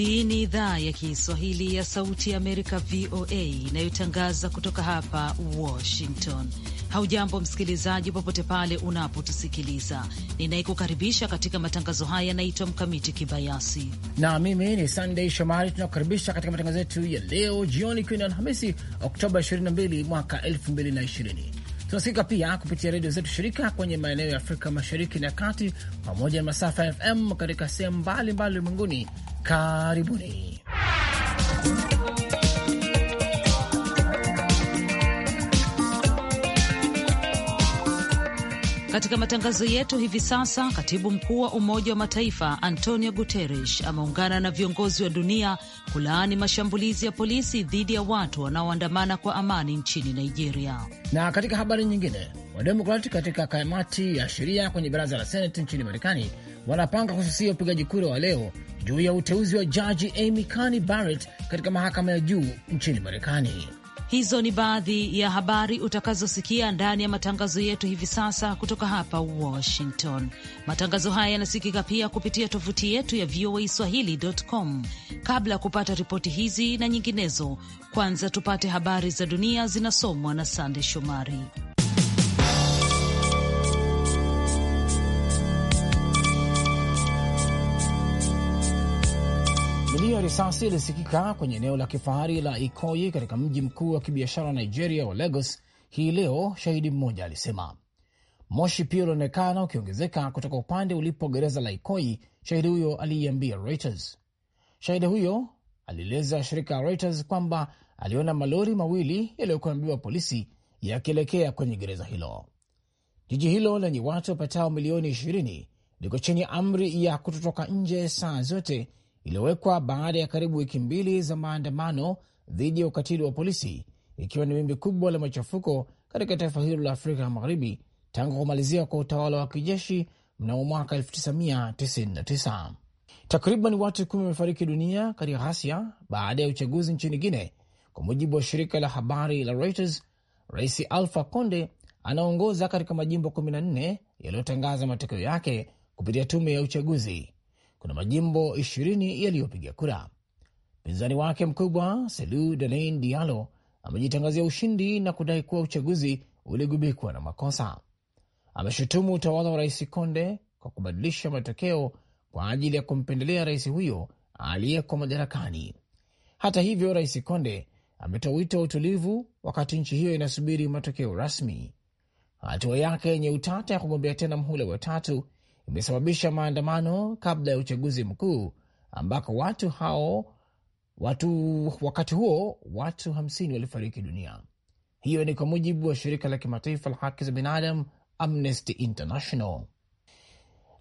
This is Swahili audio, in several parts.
Hii ni idhaa ya Kiswahili ya Sauti ya Amerika, VOA, inayotangaza kutoka hapa Washington. Haujambo msikilizaji, popote pale unapotusikiliza. Ninayekukaribisha katika matangazo haya yanaitwa Mkamiti Kibayasi na mimi ni Sandey Shomari. Tunakukaribisha katika matangazo yetu ya leo jioni, ikiwa ni Alhamisi Oktoba 22 mwaka 2020 Tunasikika pia kupitia redio zetu shirika kwenye maeneo ya Afrika mashariki na kati, pamoja na masafa ya FM katika sehemu mbalimbali ulimwenguni. Karibuni Katika matangazo yetu hivi sasa, katibu mkuu wa Umoja wa Mataifa Antonio Guterres ameungana na viongozi wa dunia kulaani mashambulizi ya polisi dhidi ya watu wanaoandamana kwa amani nchini Nigeria. Na katika habari nyingine, Wademokrati katika kamati ya sheria kwenye baraza la Seneti nchini Marekani wanapanga kususia upigaji kura wa leo juu ya uteuzi wa jaji Amy Coney Barrett katika mahakama ya juu nchini Marekani. Hizo ni baadhi ya habari utakazosikia ndani ya matangazo yetu hivi sasa kutoka hapa Washington. Matangazo haya yanasikika pia kupitia tovuti yetu ya VOA Swahili.com. Kabla ya kupata ripoti hizi na nyinginezo, kwanza tupate habari za dunia zinasomwa na Sande Shomari. risasi ilisikika kwenye eneo la kifahari la Ikoyi katika mji mkuu wa kibiashara wa Nigeria wa Lagos hii leo, shahidi mmoja alisema. Moshi pia ulionekana ukiongezeka kutoka upande ulipo gereza la Ikoyi, shahidi huyo aliiambia Reuters. Shahidi huyo alieleza shirika la Reuters kwamba aliona malori mawili yaliyokuwa yamebeba polisi yakielekea kwenye gereza hilo. Jiji hilo lenye watu wapatao milioni 20 liko chini amri ya kutotoka nje saa zote iliyowekwa baada ya karibu wiki mbili za maandamano dhidi ya ukatili wa polisi, ikiwa ni wimbi kubwa la machafuko katika taifa hilo la Afrika ya Magharibi tangu kumalizia kwa utawala wa kijeshi mnamo mwaka 1999. Takriban watu kumi wamefariki dunia katika ghasia baada ya uchaguzi nchini Guine, kwa mujibu wa shirika la habari la Reuters. Rais Alfa Conde anaongoza katika majimbo 14 yaliyotangaza matokeo yake kupitia tume ya uchaguzi kuna majimbo ishirini yaliyopiga kura. Mpinzani wake mkubwa Selu Dalein Dialo amejitangazia ushindi na kudai kuwa uchaguzi uligubikwa na makosa. Ameshutumu utawala wa rais Konde kwa kubadilisha matokeo kwa ajili ya kumpendelea rais huyo aliyeko madarakani. Hata hivyo, rais Konde ametoa wito wa utulivu wakati nchi hiyo inasubiri matokeo rasmi. Hatua yake yenye utata ya kugombea tena mhula wa tatu umesababisha maandamano kabla ya uchaguzi mkuu ambako watu hao watu, wakati huo watu 50 walifariki dunia. Hiyo ni kwa mujibu wa shirika la kimataifa la haki za binadamu Amnesty International.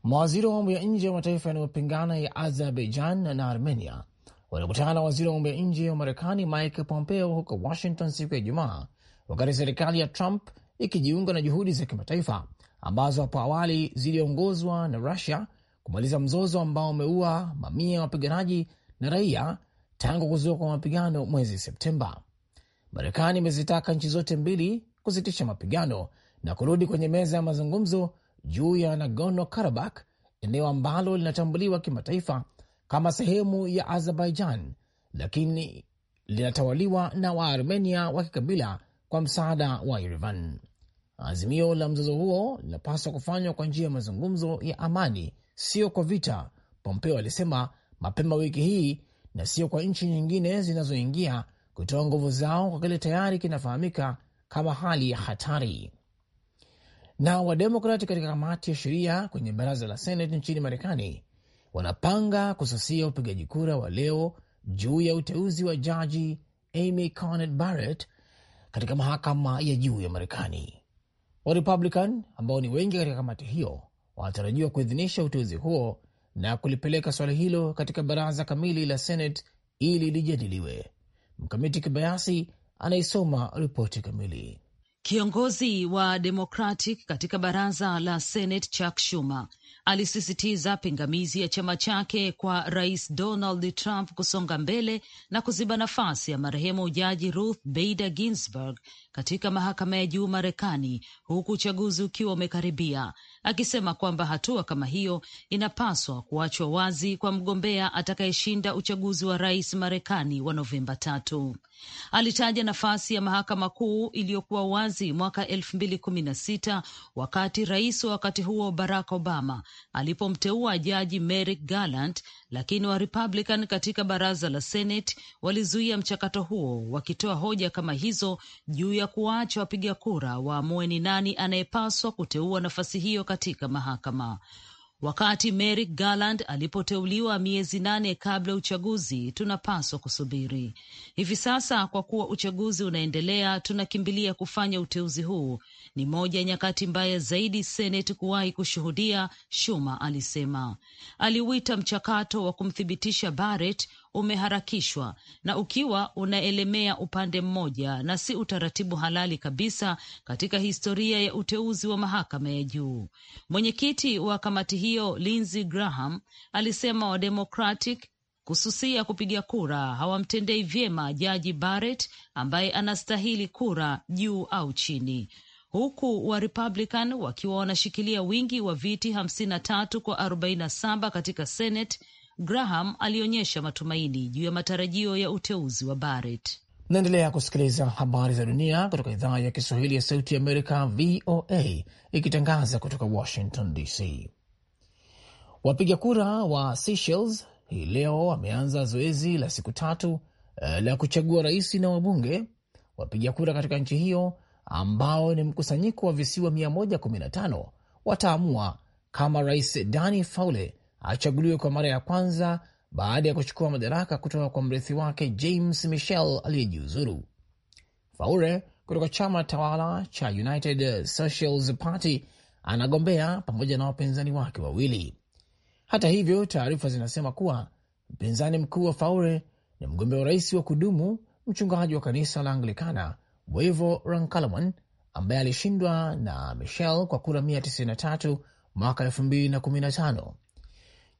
Mawaziri wa mambo ya nje wa mataifa yanayopingana ya Azerbaijan na Armenia walikutana na waziri wa mambo ya nje wa Marekani Mike Pompeo huko Washington siku ya Ijumaa, wakati serikali ya Trump ikijiunga na juhudi za kimataifa ambazo hapo awali ziliongozwa na Rusia kumaliza mzozo ambao umeua mamia ya wapiganaji na raia tangu kuzuka kwa mapigano mwezi Septemba. Marekani imezitaka nchi zote mbili kusitisha mapigano na kurudi kwenye meza ya mazungumzo juu ya Nagorno Karabakh, eneo ambalo linatambuliwa kimataifa kama sehemu ya Azerbaijan lakini linatawaliwa na Waarmenia wa kikabila kwa msaada wa Yerevan. Azimio la mzozo huo linapaswa kufanywa kwa njia ya mazungumzo ya amani, sio kwa vita, Pompeo alisema mapema wiki hii, na sio kwa nchi nyingine zinazoingia kutoa nguvu zao kwa kile tayari kinafahamika kama hali ya hatari. Na Wademokrati katika kamati ya sheria kwenye baraza la Senate nchini Marekani wanapanga kususia upigaji kura wa leo juu ya uteuzi wa jaji Amy Coney Barrett katika mahakama ya juu ya Marekani. Warepublican ambao ni wengi katika kamati hiyo wanatarajiwa kuidhinisha uteuzi huo na kulipeleka swala hilo katika baraza kamili la Senate ili lijadiliwe. Mkamiti Kibayasi anaisoma ripoti kamili. Kiongozi wa Democratic katika baraza la Senate Chuck Schumer alisisitiza pingamizi ya chama chake kwa Rais Donald Trump kusonga mbele na kuziba nafasi ya marehemu Jaji Ruth Bader Ginsburg katika mahakama ya juu Marekani, huku uchaguzi ukiwa umekaribia akisema kwamba hatua kama hiyo inapaswa kuachwa wazi kwa mgombea atakayeshinda uchaguzi wa rais Marekani wa Novemba tatu. Alitaja nafasi ya mahakama kuu iliyokuwa wazi mwaka elfu mbili kumi na sita wakati rais wa wakati huo Barack Obama alipomteua jaji Merrick Garland, lakini wa Republican katika baraza la Senate walizuia mchakato huo, wakitoa hoja kama hizo juu ya kuwaacha wapiga kura waamue ni nani anayepaswa kuteua nafasi hiyo katika mahakama. Wakati Merrick Garland alipoteuliwa miezi nane kabla ya uchaguzi, tunapaswa kusubiri. Hivi sasa, kwa kuwa uchaguzi unaendelea, tunakimbilia kufanya uteuzi huu. Ni moja ya nyakati mbaya zaidi Seneti kuwahi kushuhudia, Shuma alisema. Aliuita mchakato wa kumthibitisha Barrett umeharakishwa na ukiwa unaelemea upande mmoja na si utaratibu halali kabisa katika historia ya uteuzi wa mahakama ya juu. Mwenyekiti wa kamati hiyo Lindsey Graham alisema Wademokratic kususia kupiga kura hawamtendei vyema jaji Barrett ambaye anastahili kura juu au chini, huku wa Republican wakiwa wanashikilia wingi wa viti 53 kwa 47 katika Senate Graham alionyesha matumaini juu ya matarajio ya uteuzi wa Barrett. Naendelea kusikiliza habari za dunia kutoka idhaa ya Kiswahili ya Sauti ya Amerika, VOA, ikitangaza kutoka Washington DC. Wapiga kura wa Seychelles hii leo wameanza zoezi la siku tatu eh, la kuchagua rais na wabunge. Wapiga kura katika nchi hiyo ambao ni mkusanyiko wa visiwa 115 wataamua kama Rais Dani Faule achaguliwe kwa mara ya kwanza baada ya kuchukua madaraka kutoka kwa mrithi wake James Michel aliyejiuzuru. Faure kutoka chama tawala cha United Socialist Party anagombea pamoja na wapinzani wake wawili. Hata hivyo, taarifa zinasema kuwa mpinzani mkuu wa Faure ni mgombea wa rais wa kudumu, mchungaji wa kanisa la Anglikana Wevo Rankalawan ambaye alishindwa na Michel kwa kura 193 mwaka 2015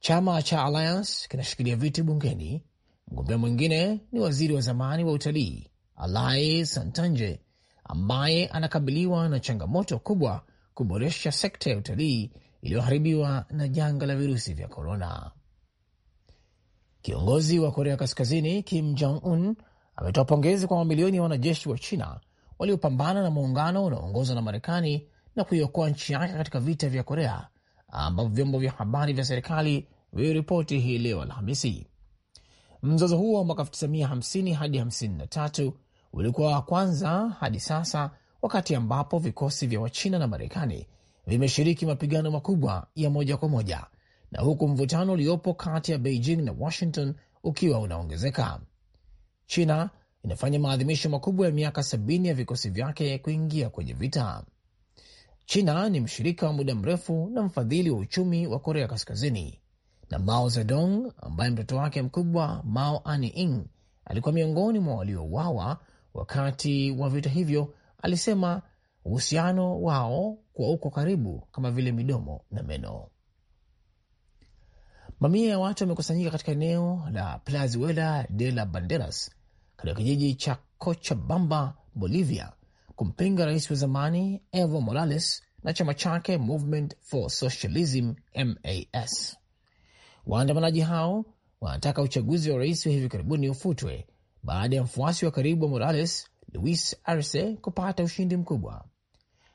Chama cha Alliance kinashikilia viti bungeni. Mgombea mwingine ni waziri wa zamani wa utalii alai Santanje ambaye anakabiliwa na changamoto kubwa kuboresha sekta ya utalii iliyoharibiwa na janga la virusi vya korona. Kiongozi wa Korea Kaskazini Kim Jong Un ametoa pongezi kwa mamilioni ya wanajeshi wa China waliopambana na muungano unaoongozwa na Marekani na kuiokoa nchi yake katika vita vya Korea ambavyo vyombo vya habari vya serikali viliripoti hii leo Alhamisi. Mzozo huo wa mwaka 1950 hadi 53 ulikuwa wa kwanza hadi sasa wakati ambapo vikosi vya Wachina na Marekani vimeshiriki mapigano makubwa ya moja kwa moja na huku mvutano uliopo kati ya Beijing na Washington ukiwa unaongezeka. China inafanya maadhimisho makubwa ya miaka sabini ya vikosi vyake kuingia kwenye vita. China ni mshirika wa muda mrefu na mfadhili wa uchumi wa Korea Kaskazini, na Mao Zedong ambaye mtoto wake mkubwa Mao Ani-ing alikuwa miongoni mwa waliouawa wakati wa vita hivyo, alisema uhusiano wao kwa uko karibu kama vile midomo na meno. Mamia ya watu wamekusanyika katika eneo la Plazuela de la Banderas katika kijiji cha Cochabamba, Bolivia, kumpinga rais wa zamani Evo Morales na chama chake Movement for Socialism MAS. Waandamanaji hao wanataka uchaguzi wa rais wa hivi karibuni ufutwe baada ya mfuasi wa karibu wa Morales Luis Arce kupata ushindi mkubwa.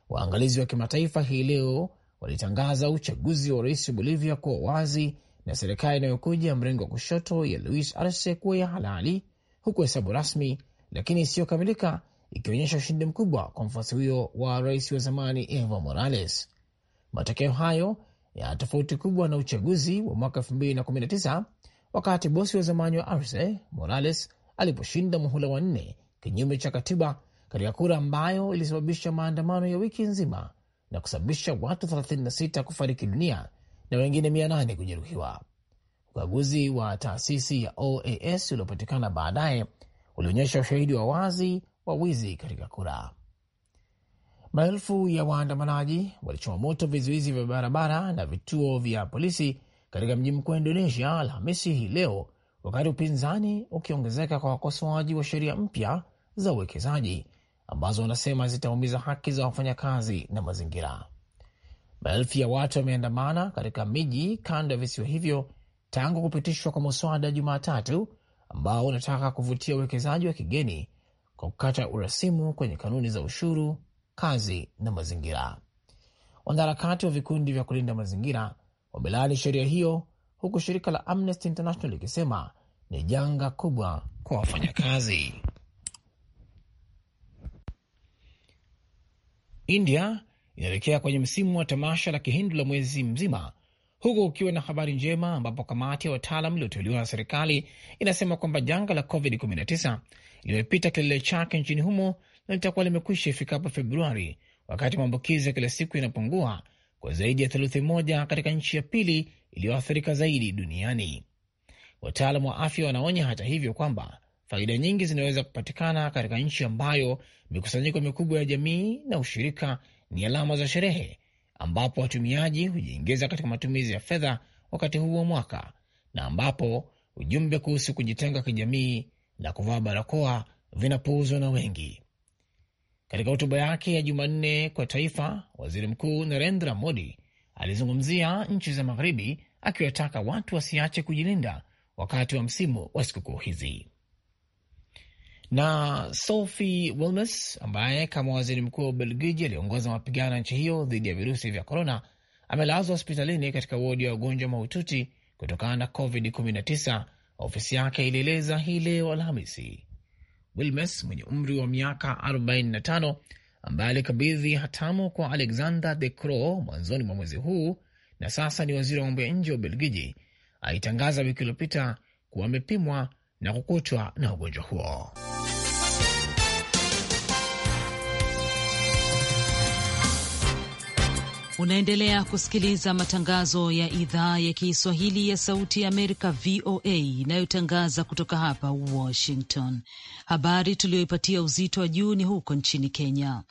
Waangalizi wa kimataifa hii leo walitangaza uchaguzi wa rais wa Bolivia kuwa wazi na serikali inayokuja ya mrengo wa kushoto ya Luis Arce kuwa ya halali, huku hesabu rasmi lakini isiyokamilika ikionyesha ushindi mkubwa kwa mfuasi huyo wa rais wa zamani Evo Morales. Matokeo hayo ya tofauti kubwa na uchaguzi wa mwaka 2019 wakati bosi wa zamani wa Arce Morales aliposhinda muhula wa nne kinyume cha katiba katika kura ambayo ilisababisha maandamano ya wiki nzima na kusababisha watu 36 kufariki dunia na wengine 800 kujeruhiwa. Ukaguzi wa taasisi ya OAS uliopatikana baadaye ulionyesha ushahidi wa wazi wa wizi katika kura. Maelfu ya waandamanaji walichoma moto vizuizi vya barabara na vituo vya polisi katika mji mkuu wa Indonesia Alhamisi hii leo, wakati upinzani ukiongezeka kwa wakosoaji wa sheria mpya za uwekezaji ambazo wanasema zitaumiza haki za wafanyakazi na mazingira. Maelfu ya watu wameandamana katika miji kando ya visiwa hivyo tangu kupitishwa kwa muswada Jumatatu ambao unataka kuvutia uwekezaji wa kigeni kwa kukata urasimu kwenye kanuni za ushuru, kazi na mazingira. Wanaharakati wa vikundi vya kulinda mazingira wamelaani sheria hiyo, huku shirika la Amnesty International likisema ni janga kubwa kwa wafanyakazi. India inaelekea kwenye msimu wa tamasha la Kihindu la mwezi mzima huku ukiwa na habari njema ambapo kamati ya wataalam iliyoteuliwa na serikali inasema kwamba janga la COVID-19 limepita kilele chake nchini humo na litakuwa limekwisha ifikapo Februari, wakati maambukizi ya kila siku yanapungua kwa zaidi ya theluthi moja katika nchi ya pili iliyoathirika zaidi duniani. Wataalam wa afya wanaonya hata hivyo kwamba faida nyingi zinaweza kupatikana katika nchi ambayo mikusanyiko mikubwa ya jamii na ushirika ni alama za sherehe, ambapo watumiaji hujiingiza katika matumizi ya fedha wakati huu wa mwaka na ambapo ujumbe kuhusu kujitenga kijamii na kuvaa barakoa vinapuuzwa na wengi. Katika hotuba yake ya Jumanne kwa taifa, waziri mkuu Narendra Modi alizungumzia nchi za magharibi akiwataka watu wasiache kujilinda wakati wa msimu wa sikukuu hizi. Na Sophie Wilmes ambaye kama waziri mkuu wa Ubelgiji aliongoza mapigano ya nchi hiyo dhidi ya virusi vya korona amelazwa hospitalini katika wodi ya wagonjwa mahututi kutokana na COVID-19 ofisi yake ilieleza hii leo Alhamisi. Wilmes mwenye umri wa miaka 45 ambaye alikabidhi hatamu kwa Alexander De Croo mwanzoni mwa mwezi huu na sasa ni waziri wa mambo ya nje wa Ubelgiji aitangaza wiki iliyopita kuwa amepimwa na kukutwa na ugonjwa huo. Unaendelea kusikiliza matangazo ya idhaa ya Kiswahili ya Sauti ya Amerika, VOA, inayotangaza kutoka hapa Washington. Habari tuliyoipatia uzito wa juu ni huko nchini Kenya.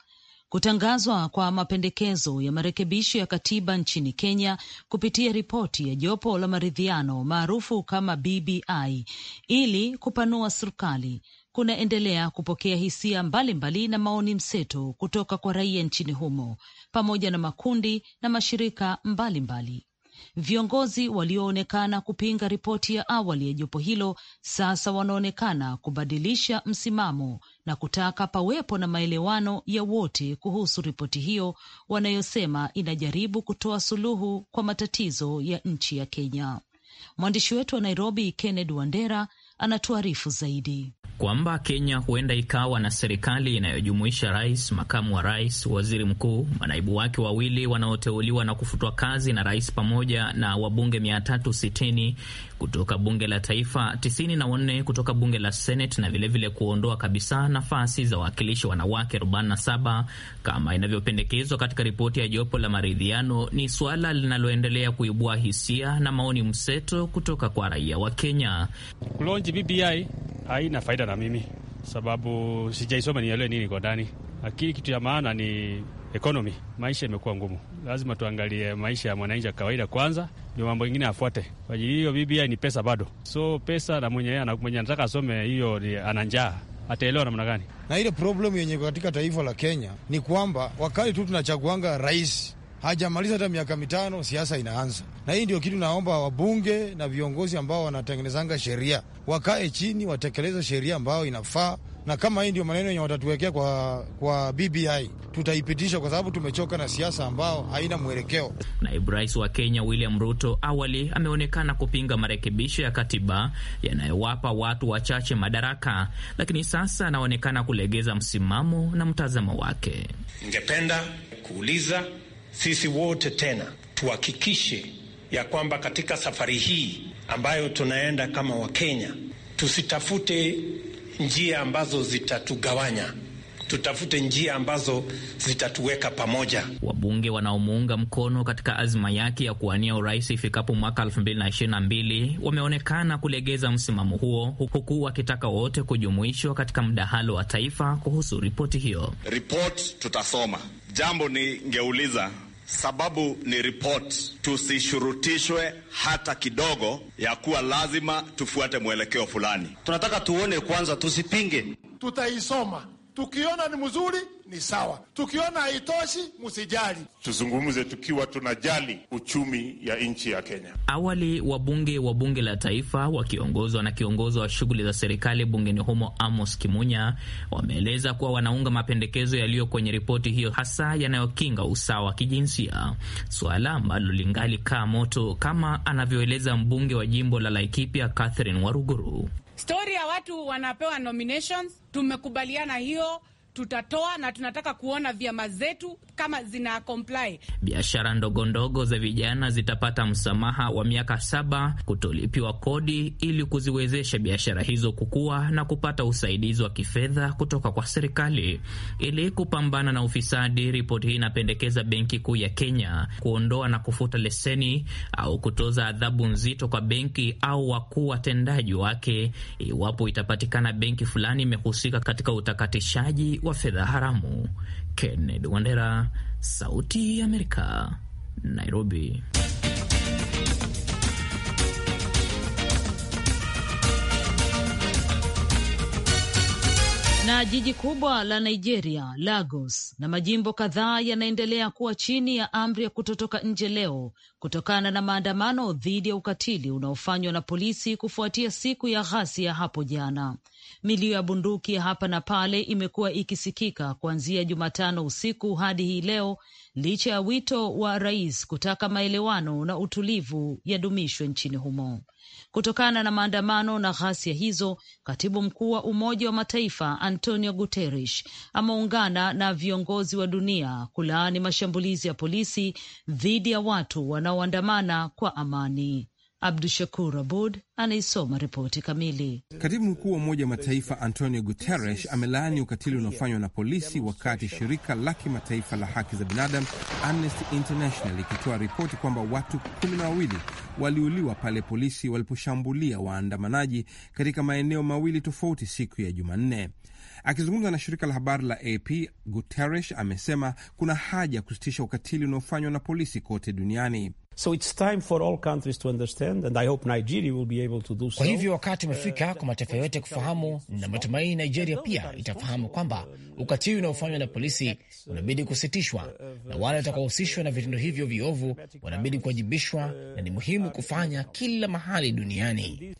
Kutangazwa kwa mapendekezo ya marekebisho ya katiba nchini Kenya kupitia ripoti ya jopo la maridhiano maarufu kama BBI ili kupanua serikali kunaendelea kupokea hisia mbalimbali mbali na maoni mseto kutoka kwa raia nchini humo pamoja na makundi na mashirika mbalimbali mbali. Viongozi walioonekana kupinga ripoti ya awali ya jopo hilo sasa wanaonekana kubadilisha msimamo na kutaka pawepo na maelewano ya wote kuhusu ripoti hiyo wanayosema inajaribu kutoa suluhu kwa matatizo ya nchi ya Kenya. Mwandishi wetu wa Nairobi Kenneth Wandera anatuarifu zaidi kwamba Kenya huenda ikawa na serikali inayojumuisha rais, makamu wa rais, waziri mkuu, manaibu wake wawili wanaoteuliwa na kufutwa kazi na rais pamoja na wabunge 360 kutoka bunge la taifa, tisini na wanne kutoka bunge la senet na vilevile vile kuondoa kabisa nafasi za wawakilishi wanawake 47 kama inavyopendekezwa katika ripoti ya jopo la maridhiano, ni suala linaloendelea kuibua hisia na maoni mseto kutoka kwa raia wa Kenya. Kulonji BBI haina faida na mimi sababu sijaisoma nielewe nini kwa ndani, lakini kitu ya maana ni economy, maisha imekuwa ngumu. Lazima tuangalie maisha ya mwananchi kawaida kwanza, ndio mambo ingine afuate. Kwa ajili hiyo, BBI ni pesa bado, so pesa na mwenye anataka asome hiyo ana njaa ataelewa namna gani? Na ile problem yenye katika taifa la Kenya ni kwamba wakati tu tunachaguanga rais hajamaliza hata miaka mitano, siasa inaanza. Na hii ndio kitu naomba wabunge na viongozi ambao wanatengenezanga sheria wakae chini, watekeleze sheria ambayo inafaa na kama hii ndio maneno yenye watatuwekea kwa, kwa BBI tutaipitisha kwa sababu tumechoka na siasa ambao haina mwelekeo. Naibu rais wa Kenya William Ruto awali ameonekana kupinga marekebisho ya katiba yanayowapa watu wachache madaraka, lakini sasa anaonekana kulegeza msimamo na mtazamo wake. Ningependa kuuliza sisi wote tena tuhakikishe ya kwamba katika safari hii ambayo tunaenda kama Wakenya tusitafute njia ambazo zitatugawanya, tutafute njia ambazo zitatuweka pamoja. Wabunge wanaomuunga mkono katika azma yake ya kuwania urais ifikapo mwaka 2022 wameonekana kulegeza msimamo huo, huku wakitaka wote kujumuishwa katika mdahalo wa taifa kuhusu ripoti hiyo. Ripoti tutasoma. Jambo ningeuliza Sababu ni ripoti, tusishurutishwe hata kidogo ya kuwa lazima tufuate mwelekeo fulani. Tunataka tuone kwanza, tusipinge. Tutaisoma, tukiona ni mzuri ni sawa. Tukiona haitoshi, msijali, tuzungumze tukiwa tunajali uchumi ya nchi ya Kenya. Awali wabunge wa bunge la taifa wakiongozwa na kiongozi wa shughuli za serikali bungeni humo Amos Kimunya wameeleza kuwa wanaunga mapendekezo yaliyo kwenye ripoti hiyo, hasa yanayokinga usawa wa kijinsia, suala ambalo lingali kaa moto, kama anavyoeleza mbunge wa jimbo la Laikipia Catherine Waruguru. Stori ya watu wanapewa nominations, tumekubaliana hiyo tutatoa na tunataka kuona vyama zetu kama zina comply. Biashara ndogo ndogo za vijana zitapata msamaha wa miaka saba kutolipiwa kodi ili kuziwezesha biashara hizo kukua na kupata usaidizi wa kifedha kutoka kwa serikali ili kupambana na ufisadi. Ripoti hii inapendekeza Benki Kuu ya Kenya kuondoa na kufuta leseni au kutoza adhabu nzito kwa benki au wakuu watendaji wake iwapo itapatikana benki fulani imehusika katika utakatishaji wa fedha haramu. Kennedy Wandera, Sauti ya Amerika, Nairobi. na jiji kubwa la Nigeria Lagos na majimbo kadhaa yanaendelea kuwa chini ya amri ya kutotoka nje leo kutokana na maandamano dhidi ya ukatili unaofanywa na polisi kufuatia siku ya ghasia hapo jana. Milio ya bunduki hapa na pale imekuwa ikisikika kuanzia Jumatano usiku hadi hii leo licha ya wito wa rais kutaka maelewano na utulivu yadumishwe nchini humo. Kutokana na maandamano na ghasia hizo, katibu mkuu wa Umoja wa Mataifa Antonio Guterres ameungana na viongozi wa dunia kulaani mashambulizi ya polisi dhidi ya watu wanaoandamana kwa amani. Abdu Shakur Abud anaisoma ripoti kamili. Katibu mkuu wa Umoja wa Mataifa Antonio Guterres amelaani ukatili unaofanywa na polisi, wakati shirika la kimataifa la haki za binadamu Amnesty International ikitoa ripoti kwamba watu kumi na wawili waliuliwa pale polisi waliposhambulia waandamanaji katika maeneo mawili tofauti siku ya Jumanne. Akizungumza na shirika la habari la AP, Guterres amesema kuna haja ya kusitisha ukatili unaofanywa na polisi kote duniani. So it's time for all countries to understand and I hope Nigeria will be able to do so. Kwa hivyo wakati umefika kwa mataifa yote kufahamu na matumaini Nigeria pia itafahamu kwamba ukatili unaofanywa na polisi unabidi kusitishwa na wale watakaohusishwa na vitendo hivyo viovu wanabidi kuwajibishwa na ni muhimu kufanya kila mahali duniani.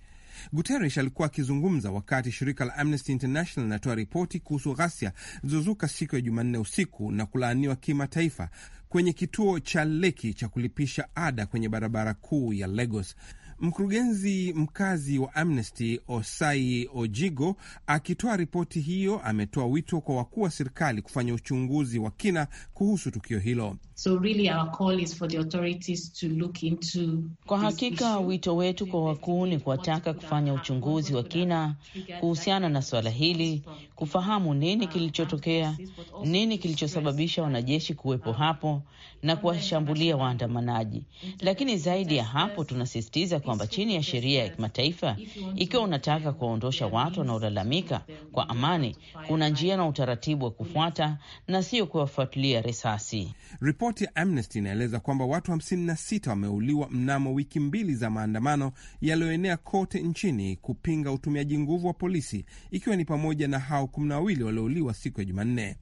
Guterres alikuwa akizungumza wakati shirika la Amnesty International linatoa ripoti kuhusu ghasia zilizozuka siku ya Jumanne usiku na kulaaniwa kimataifa kwenye kituo cha Leki cha kulipisha ada kwenye barabara kuu ya Lagos. Mkurugenzi mkazi wa Amnesty Osai Ojigo akitoa ripoti hiyo ametoa wito kwa wakuu wa serikali kufanya uchunguzi wa kina kuhusu tukio hilo. So really our call is for the authorities to look into... Kwa hakika wito wetu kwa wakuu ni kuwataka kufanya uchunguzi wa kina kuhusiana na suala hili, kufahamu nini kilichotokea, nini kilichosababisha wanajeshi kuwepo hapo na kuwashambulia waandamanaji. Lakini zaidi ya hapo tunasisitiza kwamba chini ya sheria ya kimataifa, ikiwa unataka kuwaondosha watu wanaolalamika kwa amani, kuna njia na utaratibu wa kufuata na sio kuwafuatilia risasi. Ripoti ya Amnesty inaeleza kwamba watu 56 wameuliwa mnamo wiki mbili za maandamano yaliyoenea kote nchini kupinga utumiaji nguvu wa polisi, ikiwa ni pamoja na hao kumi na wawili waliouliwa siku ya Jumanne.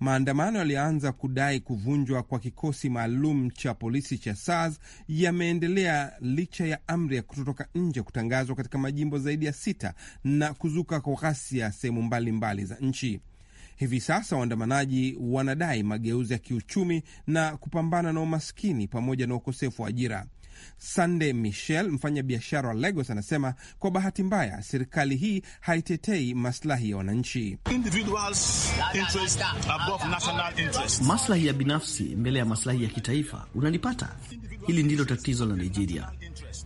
Maandamano yalianza kudai kuvunjwa kwa kikosi maalum cha polisi cha SARS yameendelea licha ya amri ya kutotoka nje kutangazwa katika majimbo zaidi ya sita na kuzuka kwa ghasia sehemu mbalimbali za nchi. Hivi sasa waandamanaji wanadai mageuzi ya kiuchumi na kupambana na umaskini pamoja na ukosefu wa ajira sande Michel, mfanya biashara wa Lagos, anasema kwa bahati mbaya serikali hii haitetei maslahi ya wananchi. Maslahi ya binafsi mbele ya maslahi ya kitaifa, unanipata? Hili ndilo tatizo la Nigeria,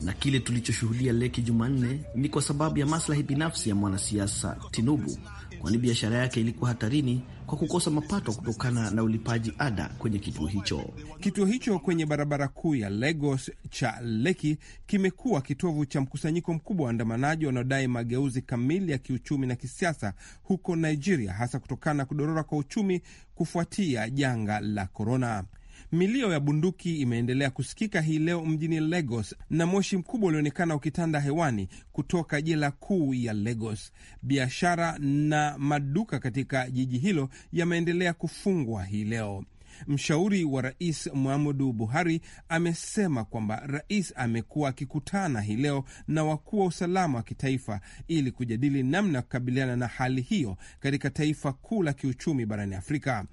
na kile tulichoshuhudia Leki Jumanne ni kwa sababu ya maslahi binafsi ya mwanasiasa Tinubu kwani biashara yake ilikuwa hatarini kwa kukosa mapato kutokana na ulipaji ada kwenye kituo hicho. Kituo hicho kwenye barabara kuu ya Lagos cha Leki kimekuwa kitovu cha mkusanyiko mkubwa wa waandamanaji wanaodai mageuzi kamili ya kiuchumi na kisiasa huko Nigeria, hasa kutokana na kudorora kwa uchumi kufuatia janga la korona. Milio ya bunduki imeendelea kusikika hii leo mjini Lagos na moshi mkubwa ulionekana ukitanda hewani kutoka jela kuu ya Lagos. Biashara na maduka katika jiji hilo yameendelea kufungwa hii leo. Mshauri wa rais Muhammadu Buhari amesema kwamba rais amekuwa akikutana hii leo na wakuu wa usalama wa kitaifa ili kujadili namna ya kukabiliana na hali hiyo katika taifa kuu la kiuchumi barani Afrika.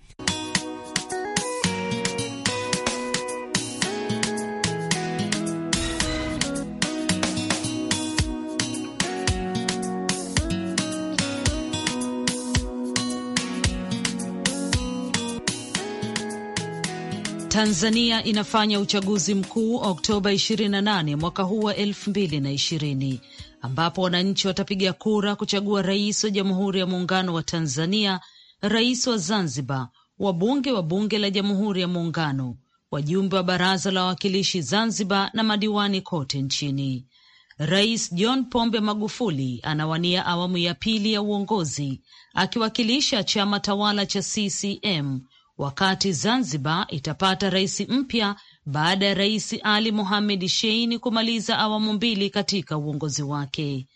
Tanzania inafanya uchaguzi mkuu Oktoba 28 mwaka huu wa 2020 ambapo wananchi watapiga kura kuchagua rais wa Jamhuri ya Muungano wa Tanzania, rais wa Zanzibar, wabunge wa Bunge la Jamhuri ya Muungano, wajumbe wa Baraza la Wawakilishi Zanzibar na madiwani kote nchini. Rais John Pombe Magufuli anawania awamu ya pili ya uongozi akiwakilisha chama tawala cha CCM wakati Zanzibar itapata rais mpya baada ya Rais Ali Mohamed Shein kumaliza awamu mbili katika uongozi wake.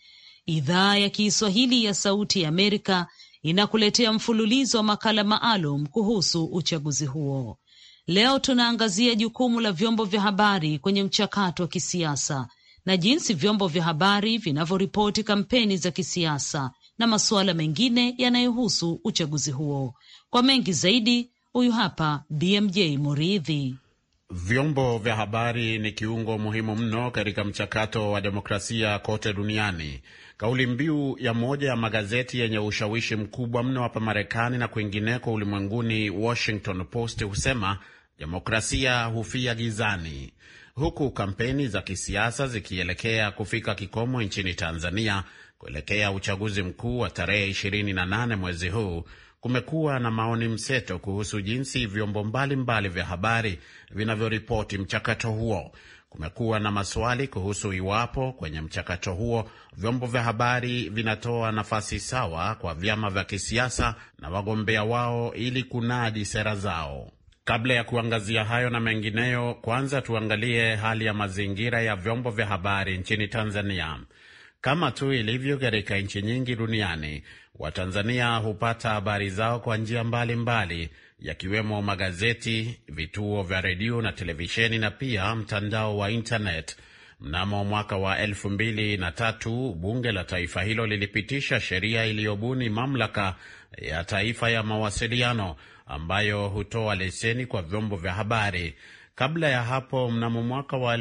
Idhaa ya Kiswahili ya Sauti ya Amerika inakuletea mfululizo wa makala maalum kuhusu uchaguzi huo. Leo tunaangazia jukumu la vyombo vya habari kwenye mchakato wa kisiasa na jinsi vyombo vya habari vinavyoripoti kampeni za kisiasa na masuala mengine yanayohusu uchaguzi huo. Kwa mengi zaidi Huyu hapa BMJ Muridhi. Vyombo vya habari ni kiungo muhimu mno katika mchakato wa demokrasia kote duniani. Kauli mbiu ya moja ya magazeti yenye ushawishi mkubwa mno hapa Marekani na kwingineko ulimwenguni, Washington Post, husema demokrasia hufia gizani. Huku kampeni za kisiasa zikielekea kufika kikomo nchini Tanzania kuelekea uchaguzi mkuu wa tarehe 28 mwezi huu, kumekuwa na maoni mseto kuhusu jinsi vyombo mbalimbali vya habari vinavyoripoti mchakato huo. Kumekuwa na maswali kuhusu iwapo kwenye mchakato huo vyombo vya habari vinatoa nafasi sawa kwa vyama vya kisiasa na wagombea wao ili kunadi sera zao. Kabla ya kuangazia hayo na mengineyo, kwanza tuangalie hali ya mazingira ya vyombo vya habari nchini Tanzania. Kama tu ilivyo katika nchi nyingi duniani, Watanzania hupata habari zao kwa njia mbalimbali, yakiwemo magazeti, vituo vya redio na televisheni na pia mtandao wa intanet. Mnamo mwaka wa elfu mbili na tatu bunge la taifa hilo lilipitisha sheria iliyobuni mamlaka ya taifa ya mawasiliano ambayo hutoa leseni kwa vyombo vya habari. Kabla ya hapo, mnamo mwaka wa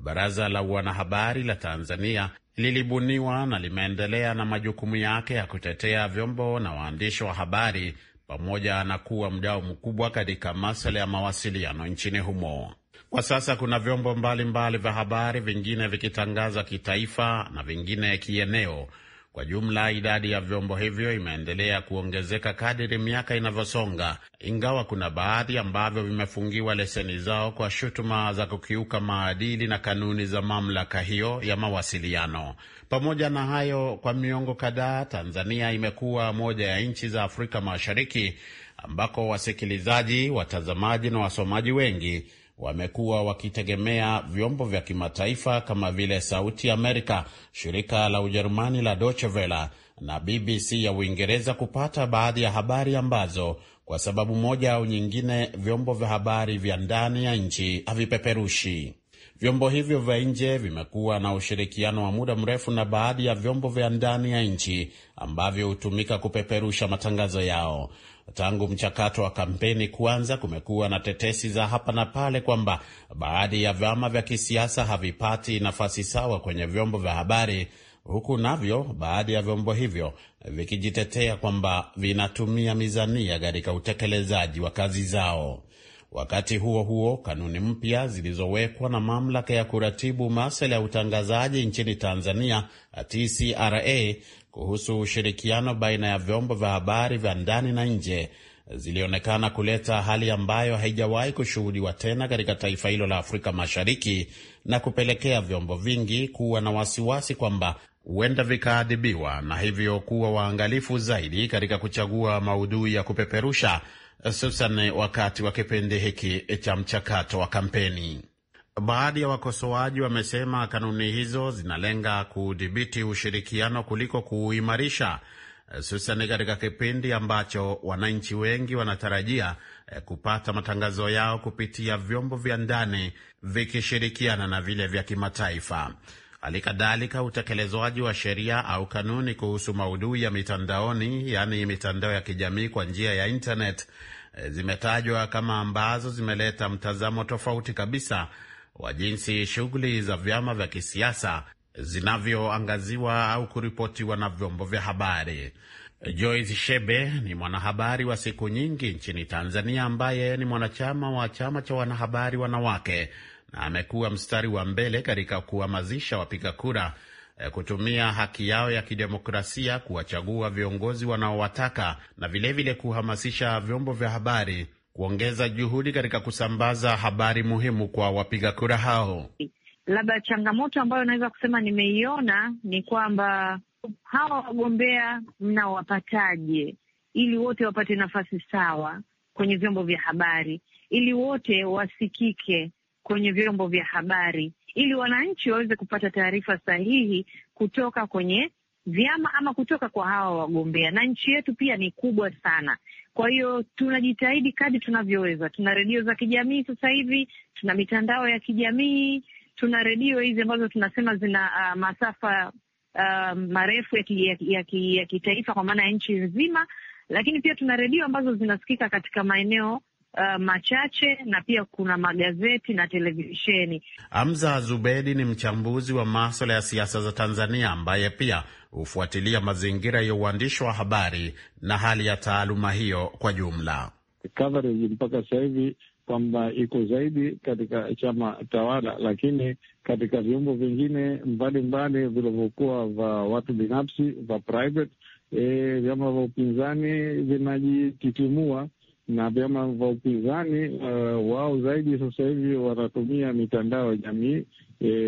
Baraza la Wanahabari la Tanzania lilibuniwa na limeendelea na majukumu yake ya kutetea vyombo na waandishi wa habari pamoja na kuwa mdau mkubwa katika masuala ya mawasiliano nchini humo. Kwa sasa kuna vyombo mbalimbali vya habari, vingine vikitangaza kitaifa na vingine kieneo, kwa jumla idadi ya vyombo hivyo imeendelea kuongezeka kadiri miaka inavyosonga, ingawa kuna baadhi ambavyo vimefungiwa leseni zao kwa shutuma za kukiuka maadili na kanuni za mamlaka hiyo ya mawasiliano. Pamoja na hayo, kwa miongo kadhaa Tanzania imekuwa moja ya nchi za Afrika Mashariki ambako wasikilizaji, watazamaji na wasomaji wengi wamekuwa wakitegemea vyombo vya kimataifa kama vile Sauti Amerika, shirika la Ujerumani la Deutsche Welle na BBC ya Uingereza kupata baadhi ya habari ambazo kwa sababu moja au nyingine vyombo vya habari vya ndani ya nchi havipeperushi. Vyombo hivyo vya nje vimekuwa na ushirikiano wa muda mrefu na baadhi ya vyombo vya ndani ya nchi ambavyo hutumika kupeperusha matangazo yao. Tangu mchakato wa kampeni kuanza, kumekuwa na tetesi za hapa na pale kwamba baadhi ya vyama vya kisiasa havipati nafasi sawa kwenye vyombo vya habari, huku navyo baadhi ya vyombo hivyo vikijitetea kwamba vinatumia mizania katika utekelezaji wa kazi zao. Wakati huo huo, kanuni mpya zilizowekwa na mamlaka ya kuratibu masuala ya utangazaji nchini Tanzania TCRA kuhusu ushirikiano baina ya vyombo vya habari vya ndani na nje zilionekana kuleta hali ambayo haijawahi kushuhudiwa tena katika taifa hilo la Afrika Mashariki na kupelekea vyombo vingi kuwa na wasiwasi kwamba huenda vikaadhibiwa na hivyo kuwa waangalifu zaidi katika kuchagua maudhui ya kupeperusha hususan wakati wa kipindi hiki cha mchakato wa kampeni. Baadhi ya wakosoaji wamesema kanuni hizo zinalenga kudhibiti ushirikiano kuliko kuuimarisha, hususan katika kipindi ambacho wananchi wengi wanatarajia eh, kupata matangazo yao kupitia vyombo vya ndani vikishirikiana na vile vya kimataifa. Hali kadhalika utekelezwaji wa sheria au kanuni kuhusu maudhui ya mitandaoni, yaani mitandao ya kijamii kwa njia ya internet, Eh, zimetajwa kama ambazo zimeleta mtazamo tofauti kabisa wa jinsi shughuli za vyama vya kisiasa zinavyoangaziwa au kuripotiwa na vyombo vya habari. Joyce Shebe ni mwanahabari wa siku nyingi nchini Tanzania ambaye ni mwanachama wa chama cha wanahabari wanawake na amekuwa mstari wa mbele katika kuhamasisha wapiga kura Eh, kutumia haki yao ya kidemokrasia kuwachagua viongozi wanaowataka na vilevile vile kuhamasisha vyombo vya habari kuongeza juhudi katika kusambaza habari muhimu kwa wapiga kura hao. Labda changamoto ambayo unaweza kusema nimeiona ni kwamba hawa wagombea mnawapataje ili wote wapate nafasi sawa kwenye vyombo vya habari, ili wote wasikike kwenye vyombo vya habari ili wananchi waweze kupata taarifa sahihi kutoka kwenye vyama ama kutoka kwa hawa wagombea. Na nchi yetu pia ni kubwa sana, kwa hiyo tunajitahidi kadri tunavyoweza. Tuna redio za kijamii sasa hivi, tuna mitandao ya kijamii, tuna redio hizi ambazo tunasema zina uh, masafa uh, marefu ya, ki, ya, ya, ya kitaifa kwa maana ya nchi nzima, lakini pia tuna redio ambazo zinasikika katika maeneo uh, machache na pia kuna magazeti na televisheni. Hamza Zubedi ni mchambuzi wa maswala ya siasa za Tanzania ambaye pia hufuatilia mazingira ya uandishi wa habari na hali ya taaluma hiyo kwa jumla. Coverage mpaka sasa hivi kwamba iko zaidi katika chama tawala, lakini katika vyombo vingine mbalimbali vilivyokuwa vya watu binafsi vya private, eh, vyama e, vya upinzani vinajititimua na vyama vya upinzani uh, wao zaidi sasa hivi wanatumia mitandao ya jamii e,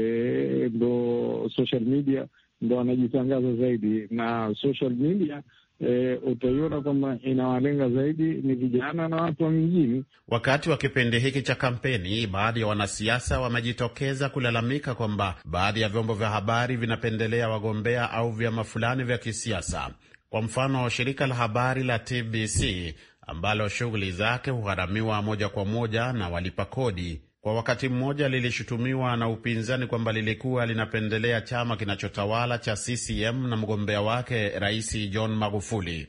ndo social media ndo wanajitangaza zaidi, na social media e, utaiona kwamba inawalenga zaidi ni vijana na watu wa mijini. Wakati wa kipindi hiki cha kampeni, baadhi ya wanasiasa wamejitokeza kulalamika kwamba baadhi ya vyombo vya habari vinapendelea wagombea au vyama fulani vya kisiasa. Kwa mfano, shirika la habari la TBC ambalo shughuli zake hugharamiwa moja kwa moja na walipa kodi. Kwa wakati mmoja lilishutumiwa na upinzani kwamba lilikuwa linapendelea chama kinachotawala cha CCM na mgombea wake Rais John Magufuli.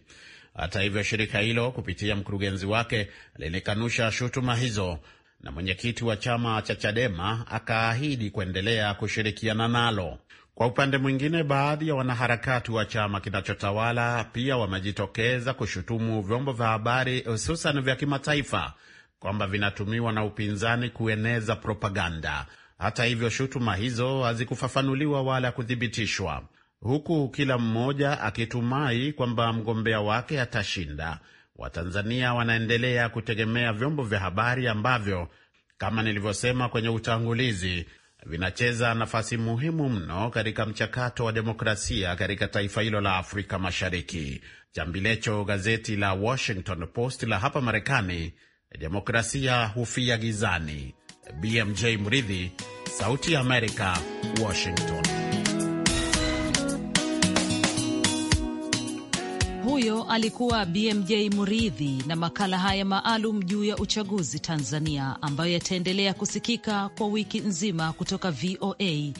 Hata hivyo, shirika hilo kupitia mkurugenzi wake lilikanusha shutuma hizo na mwenyekiti wa chama cha Chadema akaahidi kuendelea kushirikiana nalo. Kwa upande mwingine, baadhi ya wanaharakati wa chama kinachotawala pia wamejitokeza kushutumu vyombo vya habari hususan vya kimataifa kwamba vinatumiwa na upinzani kueneza propaganda. Hata hivyo, shutuma hizo hazikufafanuliwa wala kuthibitishwa, huku kila mmoja akitumai kwamba mgombea wake atashinda. Watanzania wanaendelea kutegemea vyombo vya habari ambavyo, kama nilivyosema kwenye utangulizi, vinacheza nafasi muhimu mno katika mchakato wa demokrasia katika taifa hilo la Afrika Mashariki. Chambilecho gazeti la Washington Post la hapa Marekani, demokrasia hufia gizani. BMJ Mridhi, Sauti ya Amerika, Washington. alikuwa BMJ Muridhi na makala haya maalum juu ya uchaguzi Tanzania, ambayo yataendelea kusikika kwa wiki nzima kutoka VOA.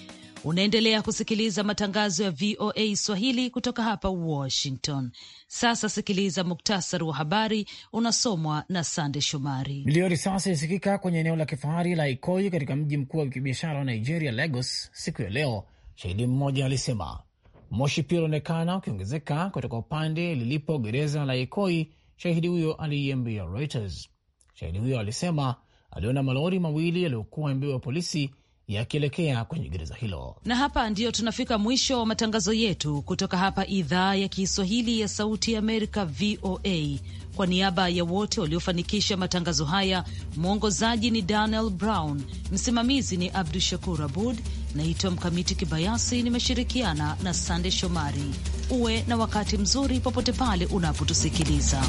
Unaendelea kusikiliza matangazo ya VOA Swahili kutoka hapa Washington. Sasa sikiliza muktasari wa habari unasomwa na Sande Shomari. Milio risasi ilisikika kwenye eneo la kifahari la Ikoyi katika mji mkuu wa kibiashara wa Nigeria, Lagos, siku ya leo, shahidi mmoja alisema Moshi pia ulionekana ukiongezeka kutoka upande lilipo gereza la Ikoi, shahidi huyo aliiambia Reuters. Shahidi huyo alisema aliona malori mawili yaliyokuwa yamebewa polisi yakielekea kwenye gereza hilo. Na hapa ndiyo tunafika mwisho wa matangazo yetu kutoka hapa idhaa ya Kiswahili ya Sauti ya Amerika, VOA. Kwa niaba ya wote waliofanikisha matangazo haya, mwongozaji ni Daniel Brown, msimamizi ni Abdu Shakur Abud. Naitwa Mkamiti Kibayasi, nimeshirikiana na Sande Shomari. Uwe na wakati mzuri popote pale unapotusikiliza.